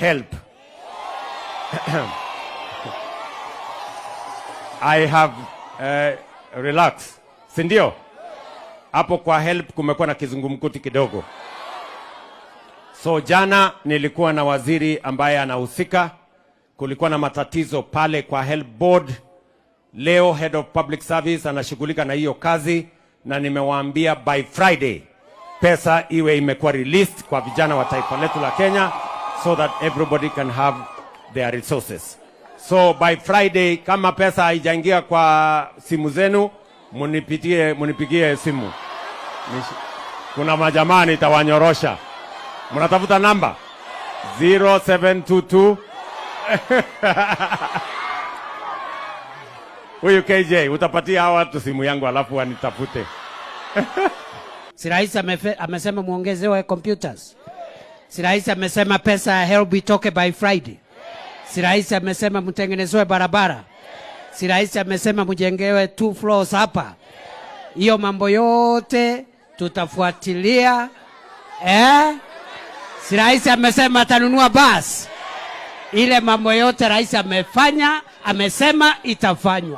help. I have uh, relax, si ndio? Hapo kwa help kumekuwa na kizungumkuti kidogo. So jana nilikuwa na waziri ambaye anahusika, kulikuwa na matatizo pale kwa help board. Leo head of public service anashughulika na hiyo kazi, na nimewaambia by Friday pesa iwe imekuwa released kwa vijana wa taifa letu la Kenya so that everybody can have their resources. So by Friday, kama pesa haijaingia kwa simu zenu, munipitie munipigie simu. Kuna majamaa nitawanyorosha. Mnatafuta namba 0722 Huyu KJ utapatia hawa watu simu yangu alafu wanitafute. Si rais amesema muongezewe computers. Si rais amesema pesa ya HELB itoke by Friday? Si rais amesema mtengenezwe barabara? Si rais amesema mjengewe two floors hapa? Hiyo mambo yote tutafuatilia eh? Si rais amesema atanunua bus. Ile mambo yote rais amefanya, amesema itafanywa.